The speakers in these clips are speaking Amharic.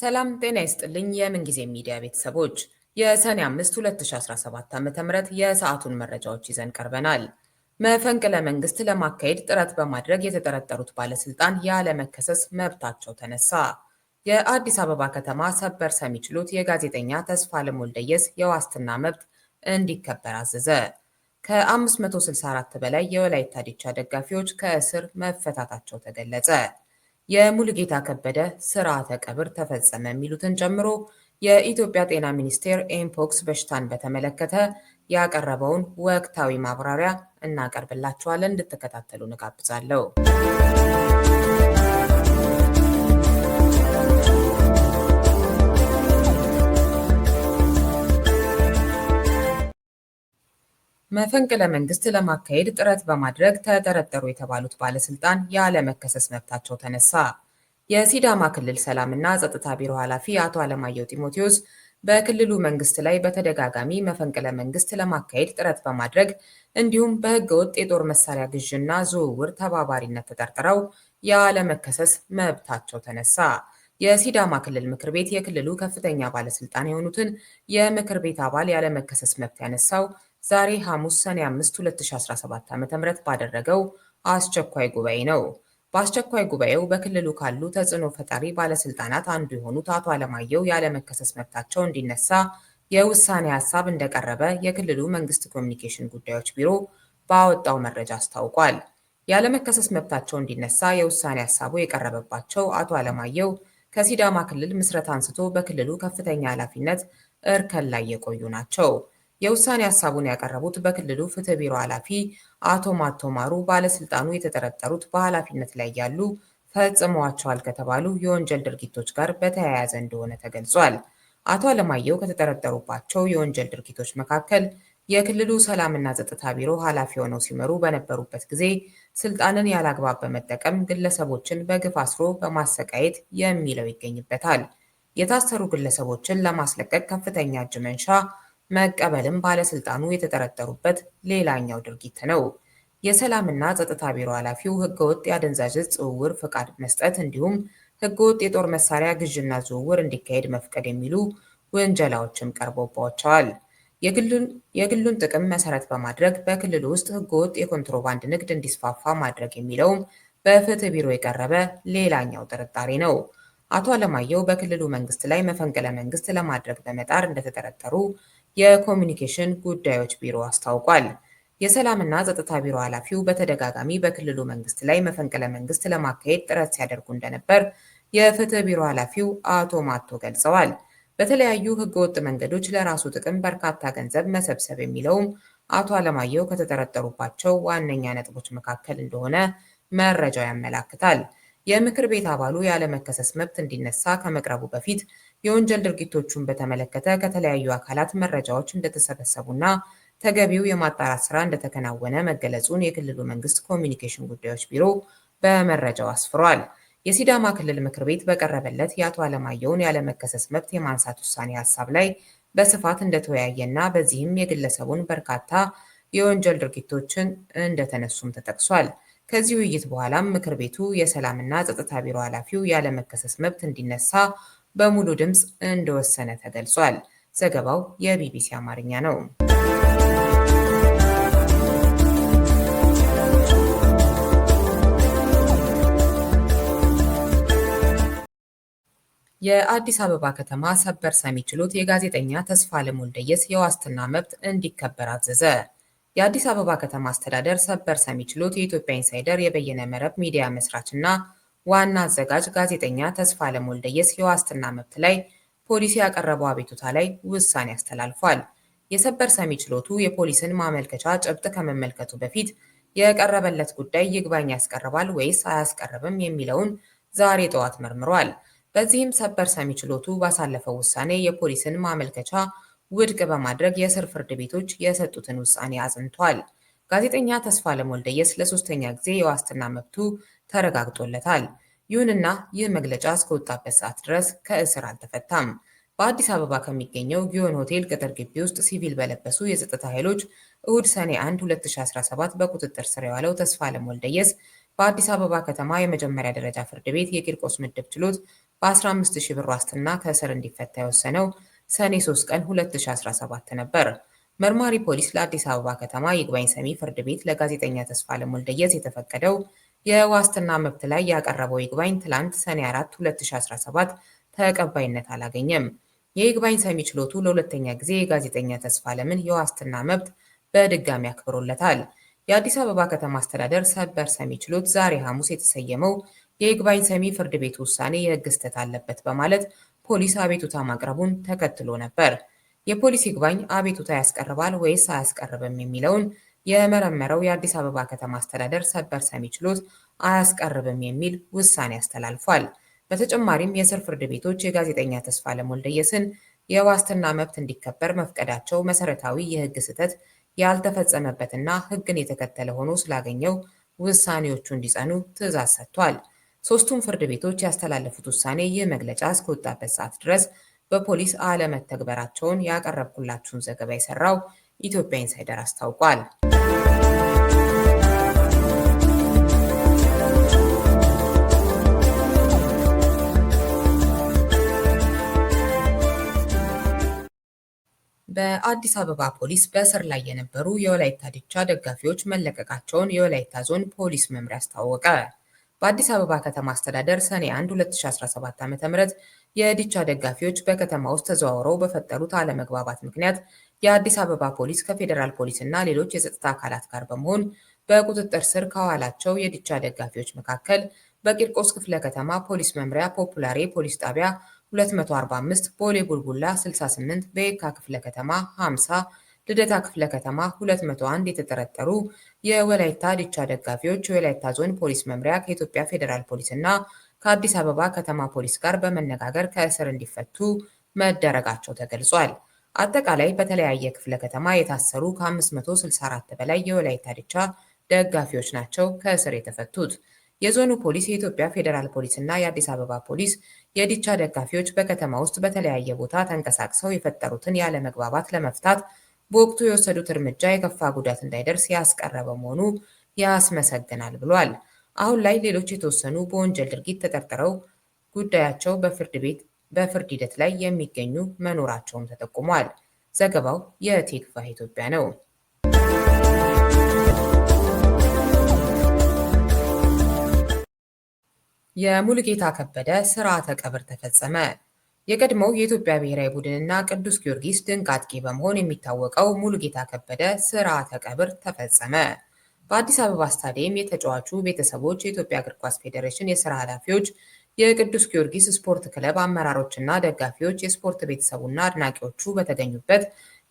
ሰላም ጤና ይስጥልኝ። የምንጊዜ ሚዲያ ቤተሰቦች የሰኔ 5 2017 ዓ ም የሰዓቱን መረጃዎች ይዘን ቀርበናል። መፈንቅለ መንግስት ለማካሄድ ጥረት በማድረግ የተጠረጠሩት ባለስልጣን ያለመከሰስ መብታቸው ተነሳ። የአዲስ አበባ ከተማ ሰበር ሰሚ ችሎት የጋዜጠኛ ተስፋለም ወልደየስ የዋስትና መብት እንዲከበር አዘዘ። ከ564 በላይ የወላይታ ዲቻ ደጋፊዎች ከእስር መፈታታቸው ተገለጸ። የሙሉጌታ ከበደ ስርዓተ ቀብር ተፈጸመ የሚሉትን ጨምሮ የኢትዮጵያ ጤና ሚኒስቴር ኤምፖክስ በሽታን በተመለከተ ያቀረበውን ወቅታዊ ማብራሪያ እናቀርብላችኋለን። እንድትከታተሉ እንጋብዛለሁ። መፈንቅለ መንግስት ለማካሄድ ጥረት በማድረግ ተጠረጠሩ የተባሉት ባለስልጣን ያለመከሰስ መብታቸው ተነሳ። የሲዳማ ክልል ሰላምና ጸጥታ ቢሮ ኃላፊ አቶ አለማየሁ ጢሞቴዎስ በክልሉ መንግስት ላይ በተደጋጋሚ መፈንቅለ መንግስት ለማካሄድ ጥረት በማድረግ እንዲሁም በህገ ወጥ የጦር መሳሪያ ግዥና ዝውውር ተባባሪነት ተጠርጥረው ያለመከሰስ መብታቸው ተነሳ። የሲዳማ ክልል ምክር ቤት የክልሉ ከፍተኛ ባለስልጣን የሆኑትን የምክር ቤት አባል ያለመከሰስ መብት ያነሳው ዛሬ ሐሙስ ሰኔ 5 2017 ዓ.ም ባደረገው አስቸኳይ ጉባኤ ነው። በአስቸኳይ ጉባኤው በክልሉ ካሉ ተጽዕኖ ፈጣሪ ባለስልጣናት አንዱ የሆኑት አቶ አለማየሁ ያለመከሰስ መብታቸው እንዲነሳ የውሳኔ ሀሳብ እንደቀረበ የክልሉ መንግስት ኮሚኒኬሽን ጉዳዮች ቢሮ ባወጣው መረጃ አስታውቋል። ያለመከሰስ መብታቸው እንዲነሳ የውሳኔ ሀሳቡ የቀረበባቸው አቶ አለማየሁ ከሲዳማ ክልል ምስረት አንስቶ በክልሉ ከፍተኛ ኃላፊነት እርከን ላይ የቆዩ ናቸው። የውሳኔ ሀሳቡን ያቀረቡት በክልሉ ፍትህ ቢሮ ኃላፊ አቶ ማቶ ማሩ ባለስልጣኑ የተጠረጠሩት በኃላፊነት ላይ ያሉ ፈጽመዋቸዋል ከተባሉ የወንጀል ድርጊቶች ጋር በተያያዘ እንደሆነ ተገልጿል። አቶ አለማየሁ ከተጠረጠሩባቸው የወንጀል ድርጊቶች መካከል የክልሉ ሰላምና ጸጥታ ቢሮ ኃላፊ ሆነው ሲመሩ በነበሩበት ጊዜ ስልጣንን ያላግባብ በመጠቀም ግለሰቦችን በግፍ አስሮ በማሰቃየት የሚለው ይገኝበታል። የታሰሩ ግለሰቦችን ለማስለቀቅ ከፍተኛ እጅ መንሻ መቀበልም ባለስልጣኑ የተጠረጠሩበት ሌላኛው ድርጊት ነው። የሰላምና ጸጥታ ቢሮ ኃላፊው ህገወጥ የአደንዛዥ ዕፅ ዝውውር ፈቃድ መስጠት እንዲሁም ህገወጥ የጦር መሳሪያ ግዥና ዝውውር እንዲካሄድ መፍቀድ የሚሉ ውንጀላዎችም ቀርቦባቸዋል። የግሉን ጥቅም መሰረት በማድረግ በክልሉ ውስጥ ህገወጥ የኮንትሮባንድ ንግድ እንዲስፋፋ ማድረግ የሚለውም በፍትህ ቢሮ የቀረበ ሌላኛው ጥርጣሬ ነው። አቶ አለማየሁ በክልሉ መንግስት ላይ መፈንቅለ መንግስት ለማድረግ በመጣር እንደተጠረጠሩ የኮሚኒኬሽን ጉዳዮች ቢሮ አስታውቋል። የሰላምና ጸጥታ ቢሮ ኃላፊው በተደጋጋሚ በክልሉ መንግስት ላይ መፈንቅለ መንግስት ለማካሄድ ጥረት ሲያደርጉ እንደነበር የፍትህ ቢሮ ኃላፊው አቶ ማቶ ገልጸዋል። በተለያዩ ህገወጥ መንገዶች ለራሱ ጥቅም በርካታ ገንዘብ መሰብሰብ የሚለውም አቶ አለማየሁ ከተጠረጠሩባቸው ዋነኛ ነጥቦች መካከል እንደሆነ መረጃው ያመላክታል። የምክር ቤት አባሉ ያለመከሰስ መብት እንዲነሳ ከመቅረቡ በፊት የወንጀል ድርጊቶቹን በተመለከተ ከተለያዩ አካላት መረጃዎች እንደተሰበሰቡና ተገቢው የማጣራት ስራ እንደተከናወነ መገለጹን የክልሉ መንግስት ኮሚኒኬሽን ጉዳዮች ቢሮ በመረጃው አስፍሯል። የሲዳማ ክልል ምክር ቤት በቀረበለት የአቶ አለማየሁን ያለመከሰስ መብት የማንሳት ውሳኔ ሀሳብ ላይ በስፋት እንደተወያየና በዚህም የግለሰቡን በርካታ የወንጀል ድርጊቶችን እንደተነሱም ተጠቅሷል። ከዚህ ውይይት በኋላም ምክር ቤቱ የሰላምና ጸጥታ ቢሮ ኃላፊው ያለመከሰስ መብት እንዲነሳ በሙሉ ድምፅ እንደወሰነ ተገልጿል። ዘገባው የቢቢሲ አማርኛ ነው። የአዲስ አበባ ከተማ ሰበር ሰሚ ችሎት የጋዜጠኛ ተስፋ ለሞልደየስ የዋስትና መብት እንዲከበር አዘዘ። የአዲስ አበባ ከተማ አስተዳደር ሰበር ሰሚ ችሎት የኢትዮጵያ ኢንሳይደር የበየነ መረብ ሚዲያ መስራች እና ዋና አዘጋጅ ጋዜጠኛ ተስፋ ወልደየስ የዋስትና መብት ላይ ፖሊስ ያቀረበው አቤቱታ ላይ ውሳኔ አስተላልፏል። የሰበር ሰሚ ችሎቱ የፖሊስን ማመልከቻ ጭብጥ ከመመልከቱ በፊት የቀረበለት ጉዳይ ይግባኝ ያስቀርባል ወይስ አያስቀርብም የሚለውን ዛሬ ጠዋት መርምሯል። በዚህም ሰበር ሰሚ ችሎቱ ባሳለፈው ውሳኔ የፖሊስን ማመልከቻ ውድቅ በማድረግ የስር ፍርድ ቤቶች የሰጡትን ውሳኔ አጽንቷል። ጋዜጠኛ ተስፋለም ወልደየስ ለሶስተኛ ጊዜ የዋስትና መብቱ ተረጋግጦለታል። ይሁንና ይህ መግለጫ እስከወጣበት ሰዓት ድረስ ከእስር አልተፈታም። በአዲስ አበባ ከሚገኘው ጊዮን ሆቴል ቅጥር ግቢ ውስጥ ሲቪል በለበሱ የጸጥታ ኃይሎች እሁድ ሰኔ 1 2017 በቁጥጥር ስር የዋለው ተስፋለም ወልደየስ በአዲስ አበባ ከተማ የመጀመሪያ ደረጃ ፍርድ ቤት የቂርቆስ ምድብ ችሎት በ15 ሺህ ብር ዋስትና ከእስር እንዲፈታ የወሰነው ሰኔ 3 ቀን 2017 ነበር። መርማሪ ፖሊስ ለአዲስ አበባ ከተማ ይግባኝ ሰሚ ፍርድ ቤት ለጋዜጠኛ ተስፋለም ወልደየስ የተፈቀደው የዋስትና መብት ላይ ያቀረበው ይግባኝ ትላንት ሰኔ 4 2017 ተቀባይነት አላገኘም። የይግባኝ ሰሚ ችሎቱ ለሁለተኛ ጊዜ የጋዜጠኛ ተስፋለምን የዋስትና መብት በድጋሚ አክብሮለታል። የአዲስ አበባ ከተማ አስተዳደር ሰበር ሰሚ ችሎት ዛሬ ሐሙስ የተሰየመው የይግባኝ ሰሚ ፍርድ ቤት ውሳኔ የሕግ ስህተት አለበት በማለት ፖሊስ አቤቱታ ማቅረቡን ተከትሎ ነበር። የፖሊስ ይግባኝ አቤቱታ ያስቀርባል ወይስ አያስቀርብም የሚለውን የመረመረው የአዲስ አበባ ከተማ አስተዳደር ሰበር ሰሚ ችሎት አያስቀርብም የሚል ውሳኔ አስተላልፏል። በተጨማሪም የስር ፍርድ ቤቶች የጋዜጠኛ ተስፋለም ወልደየስን የዋስትና መብት እንዲከበር መፍቀዳቸው መሰረታዊ የህግ ስህተት ያልተፈጸመበትና ህግን የተከተለ ሆኖ ስላገኘው ውሳኔዎቹ እንዲጸኑ ትዕዛዝ ሰጥቷል። ሶስቱም ፍርድ ቤቶች ያስተላለፉት ውሳኔ ይህ መግለጫ እስከወጣበት ሰዓት ድረስ በፖሊስ አለመተግበራቸውን ያቀረብኩላችሁን ዘገባ የሰራው ኢትዮጵያ ኢንሳይደር አስታውቋል። በአዲስ አበባ ፖሊስ በእስር ላይ የነበሩ የወላይታ ድቻ ደጋፊዎች መለቀቃቸውን የወላይታ ዞን ፖሊስ መምሪያ አስታወቀ። በአዲስ አበባ ከተማ አስተዳደር ሰኔ 1 2017 ዓ.ም የዲቻ ደጋፊዎች በከተማ ውስጥ ተዘዋውረው በፈጠሩት አለመግባባት ምክንያት የአዲስ አበባ ፖሊስ ከፌዴራል ፖሊስ እና ሌሎች የጸጥታ አካላት ጋር በመሆን በቁጥጥር ስር ካዋላቸው የዲቻ ደጋፊዎች መካከል በቂርቆስ ክፍለ ከተማ ፖሊስ መምሪያ ፖፑላሬ ፖሊስ ጣቢያ 245፣ ቦሌ ቡልቡላ 68፣ በየካ ክፍለ ከተማ 50 ልደታ ክፍለ ከተማ 201 የተጠረጠሩ የወላይታ ዲቻ ደጋፊዎች የወላይታ ዞን ፖሊስ መምሪያ ከኢትዮጵያ ፌዴራል ፖሊስ እና ከአዲስ አበባ ከተማ ፖሊስ ጋር በመነጋገር ከእስር እንዲፈቱ መደረጋቸው ተገልጿል። አጠቃላይ በተለያየ ክፍለ ከተማ የታሰሩ ከ564 በላይ የወላይታ ዲቻ ደጋፊዎች ናቸው ከእስር የተፈቱት። የዞኑ ፖሊስ፣ የኢትዮጵያ ፌዴራል ፖሊስ እና የአዲስ አበባ ፖሊስ የዲቻ ደጋፊዎች በከተማ ውስጥ በተለያየ ቦታ ተንቀሳቅሰው የፈጠሩትን ያለመግባባት ለመፍታት በወቅቱ የወሰዱት እርምጃ የከፋ ጉዳት እንዳይደርስ ያስቀረ በመሆኑ ያስመሰግናል ብሏል። አሁን ላይ ሌሎች የተወሰኑ በወንጀል ድርጊት ተጠርጥረው ጉዳያቸው በፍርድ ቤት በፍርድ ሂደት ላይ የሚገኙ መኖራቸውም ተጠቁሟል። ዘገባው የቴክቫህ ኢትዮጵያ ነው። የሙሉጌታ ከበደ ስርዓተ ቀብር ተፈጸመ። የቀድሞው የኢትዮጵያ ብሔራዊ ቡድንና ቅዱስ ጊዮርጊስ ድንቅ አጥቂ በመሆን የሚታወቀው ሙሉጌታ ከበደ ሥርዓተ ቀብር ተፈጸመ። በአዲስ አበባ ስታዲየም የተጫዋቹ ቤተሰቦች፣ የኢትዮጵያ እግር ኳስ ፌዴሬሽን የሥራ ኃላፊዎች፣ የቅዱስ ጊዮርጊስ ስፖርት ክለብ አመራሮችና ደጋፊዎች፣ የስፖርት ቤተሰቡና አድናቂዎቹ በተገኙበት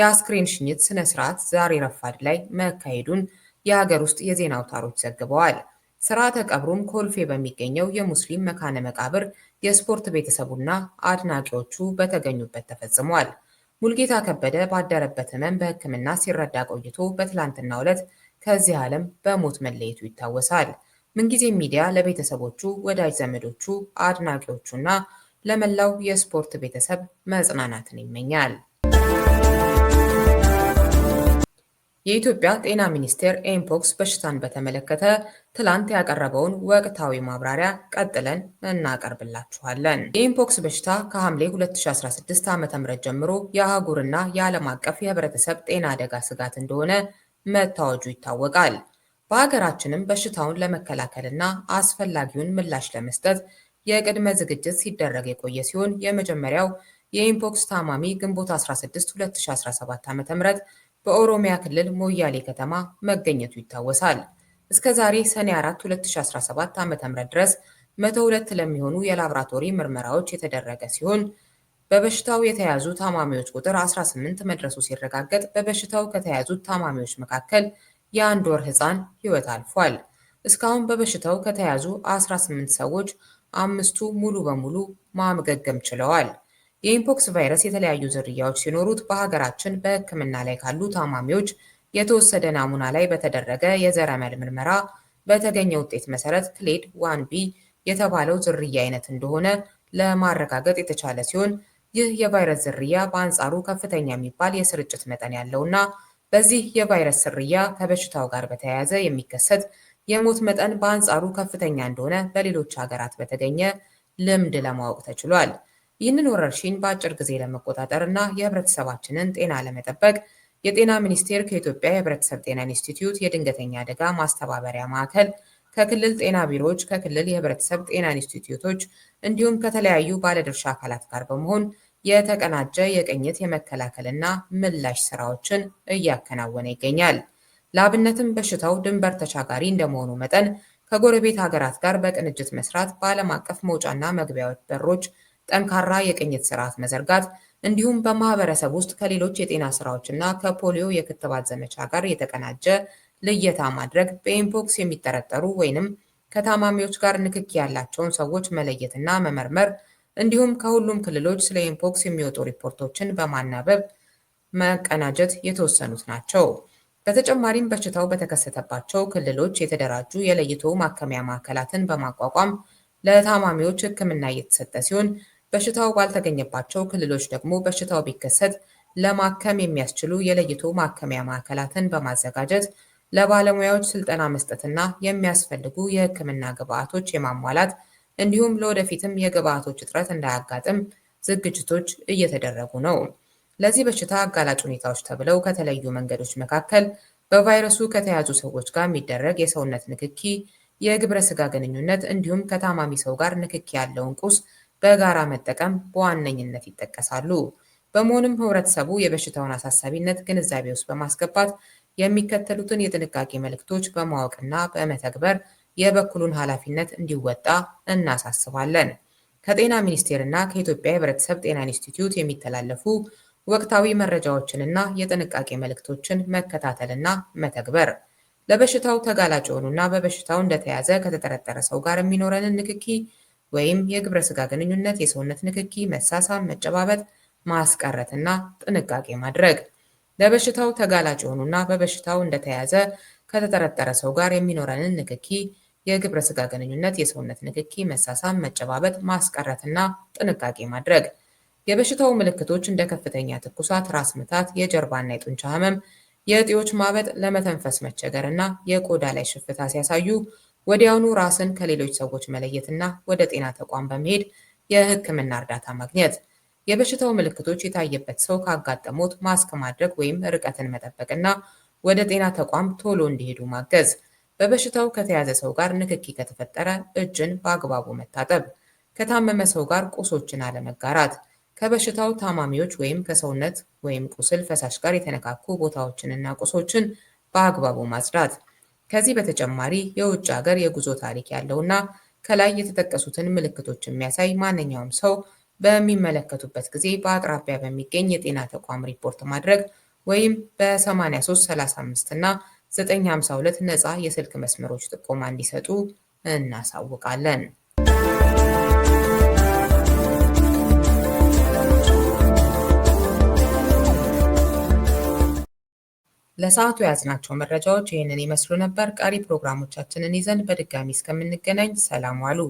የአስክሬን ሽኝት ሥነ ዛሬ ረፋድ ላይ መካሄዱን የሀገር ውስጥ የዜና አውታሮች ዘግበዋል። ሥርዓተ ቀብሩም ኮልፌ በሚገኘው የሙስሊም መካነ መቃብር የስፖርት ቤተሰቡና አድናቂዎቹ በተገኙበት ተፈጽሟል። ሙልጌታ ከበደ ባደረበት ህመም በሕክምና ሲረዳ ቆይቶ በትላንትናው ዕለት ከዚህ ዓለም በሞት መለየቱ ይታወሳል። ምንጊዜም ሚዲያ ለቤተሰቦቹ፣ ወዳጅ ዘመዶቹ፣ አድናቂዎቹና ለመላው የስፖርት ቤተሰብ መጽናናትን ይመኛል። የኢትዮጵያ ጤና ሚኒስቴር ኤምፖክስ በሽታን በተመለከተ ትላንት ያቀረበውን ወቅታዊ ማብራሪያ ቀጥለን እናቀርብላችኋለን። የኤምፖክስ በሽታ ከሐምሌ 2016 ዓ ም ጀምሮ የአህጉርና የዓለም አቀፍ የህብረተሰብ ጤና አደጋ ስጋት እንደሆነ መታወጁ ይታወቃል። በሀገራችንም በሽታውን ለመከላከልና አስፈላጊውን ምላሽ ለመስጠት የቅድመ ዝግጅት ሲደረግ የቆየ ሲሆን የመጀመሪያው የኢምፖክስ ታማሚ ግንቦት 16 2017 ዓ.ም በኦሮሚያ ክልል ሞያሌ ከተማ መገኘቱ ይታወሳል። እስከ ዛሬ ሰኔ 4 2017 ዓ.ም ድረስ 102 ለሚሆኑ የላብራቶሪ ምርመራዎች የተደረገ ሲሆን በበሽታው የተያዙ ታማሚዎች ቁጥር 18 መድረሱ ሲረጋገጥ በበሽታው ከተያዙት ታማሚዎች መካከል የአንድ ወር ህፃን ሕይወት አልፏል። እስካሁን በበሽታው ከተያዙ 18 ሰዎች አምስቱ ሙሉ በሙሉ ማገገም ችለዋል። የኢምፖክስ ቫይረስ የተለያዩ ዝርያዎች ሲኖሩት በሀገራችን በሕክምና ላይ ካሉ ታማሚዎች የተወሰደ ናሙና ላይ በተደረገ የዘረመል ምርመራ በተገኘ ውጤት መሰረት ክሌድ ዋን ቢ የተባለው ዝርያ አይነት እንደሆነ ለማረጋገጥ የተቻለ ሲሆን ይህ የቫይረስ ዝርያ በአንጻሩ ከፍተኛ የሚባል የስርጭት መጠን ያለውና በዚህ የቫይረስ ዝርያ ከበሽታው ጋር በተያያዘ የሚከሰት የሞት መጠን በአንጻሩ ከፍተኛ እንደሆነ በሌሎች ሀገራት በተገኘ ልምድ ለማወቅ ተችሏል። ይህንን ወረርሽኝ በአጭር ጊዜ ለመቆጣጠር እና የህብረተሰባችንን ጤና ለመጠበቅ የጤና ሚኒስቴር ከኢትዮጵያ የህብረተሰብ ጤና ኢንስቲትዩት የድንገተኛ አደጋ ማስተባበሪያ ማዕከል ከክልል ጤና ቢሮዎች፣ ከክልል የህብረተሰብ ጤና ኢንስቲትዩቶች እንዲሁም ከተለያዩ ባለድርሻ አካላት ጋር በመሆን የተቀናጀ የቅኝት የመከላከልና ምላሽ ስራዎችን እያከናወነ ይገኛል። ለአብነትም በሽታው ድንበር ተሻጋሪ እንደመሆኑ መጠን ከጎረቤት ሀገራት ጋር በቅንጅት መስራት በዓለም አቀፍ መውጫና መግቢያዎች በሮች ጠንካራ የቅኝት ስርዓት መዘርጋት እንዲሁም በማህበረሰብ ውስጥ ከሌሎች የጤና ስራዎች እና ከፖሊዮ የክትባት ዘመቻ ጋር የተቀናጀ ልየታ ማድረግ በኤምፖክስ የሚጠረጠሩ ወይንም ከታማሚዎች ጋር ንክኪ ያላቸውን ሰዎች መለየትና መመርመር እንዲሁም ከሁሉም ክልሎች ስለ ኤምፖክስ የሚወጡ ሪፖርቶችን በማናበብ መቀናጀት የተወሰኑት ናቸው። በተጨማሪም በሽታው በተከሰተባቸው ክልሎች የተደራጁ የለይቶ ማከሚያ ማዕከላትን በማቋቋም ለታማሚዎች ሕክምና እየተሰጠ ሲሆን በሽታው ባልተገኘባቸው ክልሎች ደግሞ በሽታው ቢከሰት ለማከም የሚያስችሉ የለይቶ ማከሚያ ማዕከላትን በማዘጋጀት ለባለሙያዎች ስልጠና መስጠትና የሚያስፈልጉ የሕክምና ግብዓቶች የማሟላት እንዲሁም ለወደፊትም የግብዓቶች እጥረት እንዳያጋጥም ዝግጅቶች እየተደረጉ ነው። ለዚህ በሽታ አጋላጭ ሁኔታዎች ተብለው ከተለዩ መንገዶች መካከል በቫይረሱ ከተያዙ ሰዎች ጋር የሚደረግ የሰውነት ንክኪ፣ የግብረ ስጋ ግንኙነት እንዲሁም ከታማሚ ሰው ጋር ንክኪ ያለውን ቁስ በጋራ መጠቀም በዋነኝነት ይጠቀሳሉ። በመሆኑም ህብረተሰቡ የበሽታውን አሳሳቢነት ግንዛቤ ውስጥ በማስገባት የሚከተሉትን የጥንቃቄ መልዕክቶች በማወቅና በመተግበር የበኩሉን ኃላፊነት እንዲወጣ እናሳስባለን። ከጤና ሚኒስቴር እና ከኢትዮጵያ የህብረተሰብ ጤና ኢንስቲትዩት የሚተላለፉ ወቅታዊ መረጃዎችንና የጥንቃቄ መልእክቶችን መከታተልና መተግበር፣ ለበሽታው ተጋላጭ የሆኑና በበሽታው እንደተያዘ ከተጠረጠረ ሰው ጋር የሚኖረንን ንክኪ ወይም የግብረ ስጋ ግንኙነት፣ የሰውነት ንክኪ፣ መሳሳም፣ መጨባበጥ ማስቀረት እና ጥንቃቄ ማድረግ። ለበሽታው ተጋላጭ የሆኑና በበሽታው እንደተያዘ ከተጠረጠረ ሰው ጋር የሚኖረንን ንክኪ፣ የግብረ ስጋ ግንኙነት፣ የሰውነት ንክኪ፣ መሳሳም፣ መጨባበጥ ማስቀረት እና ጥንቃቄ ማድረግ። የበሽታው ምልክቶች እንደ ከፍተኛ ትኩሳት፣ ራስ ምታት፣ የጀርባና የጡንቻ ህመም፣ የእጢዎች ማበጥ፣ ለመተንፈስ መቸገር እና የቆዳ ላይ ሽፍታ ሲያሳዩ ወዲያውኑ ራስን ከሌሎች ሰዎች መለየትና ወደ ጤና ተቋም በመሄድ የሕክምና እርዳታ ማግኘት። የበሽታው ምልክቶች የታየበት ሰው ካጋጠሙት ማስክ ማድረግ ወይም ርቀትን መጠበቅና ወደ ጤና ተቋም ቶሎ እንዲሄዱ ማገዝ። በበሽታው ከተያዘ ሰው ጋር ንክኪ ከተፈጠረ እጅን በአግባቡ መታጠብ። ከታመመ ሰው ጋር ቁሶችን አለመጋራት። ከበሽታው ታማሚዎች ወይም ከሰውነት ወይም ቁስል ፈሳሽ ጋር የተነካኩ ቦታዎችንና ቁሶችን በአግባቡ ማጽዳት። ከዚህ በተጨማሪ የውጭ ሀገር የጉዞ ታሪክ ያለውና ከላይ የተጠቀሱትን ምልክቶች የሚያሳይ ማንኛውም ሰው በሚመለከቱበት ጊዜ በአቅራቢያ በሚገኝ የጤና ተቋም ሪፖርት ማድረግ ወይም በ8335 እና 952 ነፃ የስልክ መስመሮች ጥቆማ እንዲሰጡ እናሳውቃለን። ለሰዓቱ የያዝናቸው መረጃዎች ይህንን ይመስሉ ነበር። ቀሪ ፕሮግራሞቻችንን ይዘን በድጋሚ እስከምንገናኝ ሰላም ዋሉ።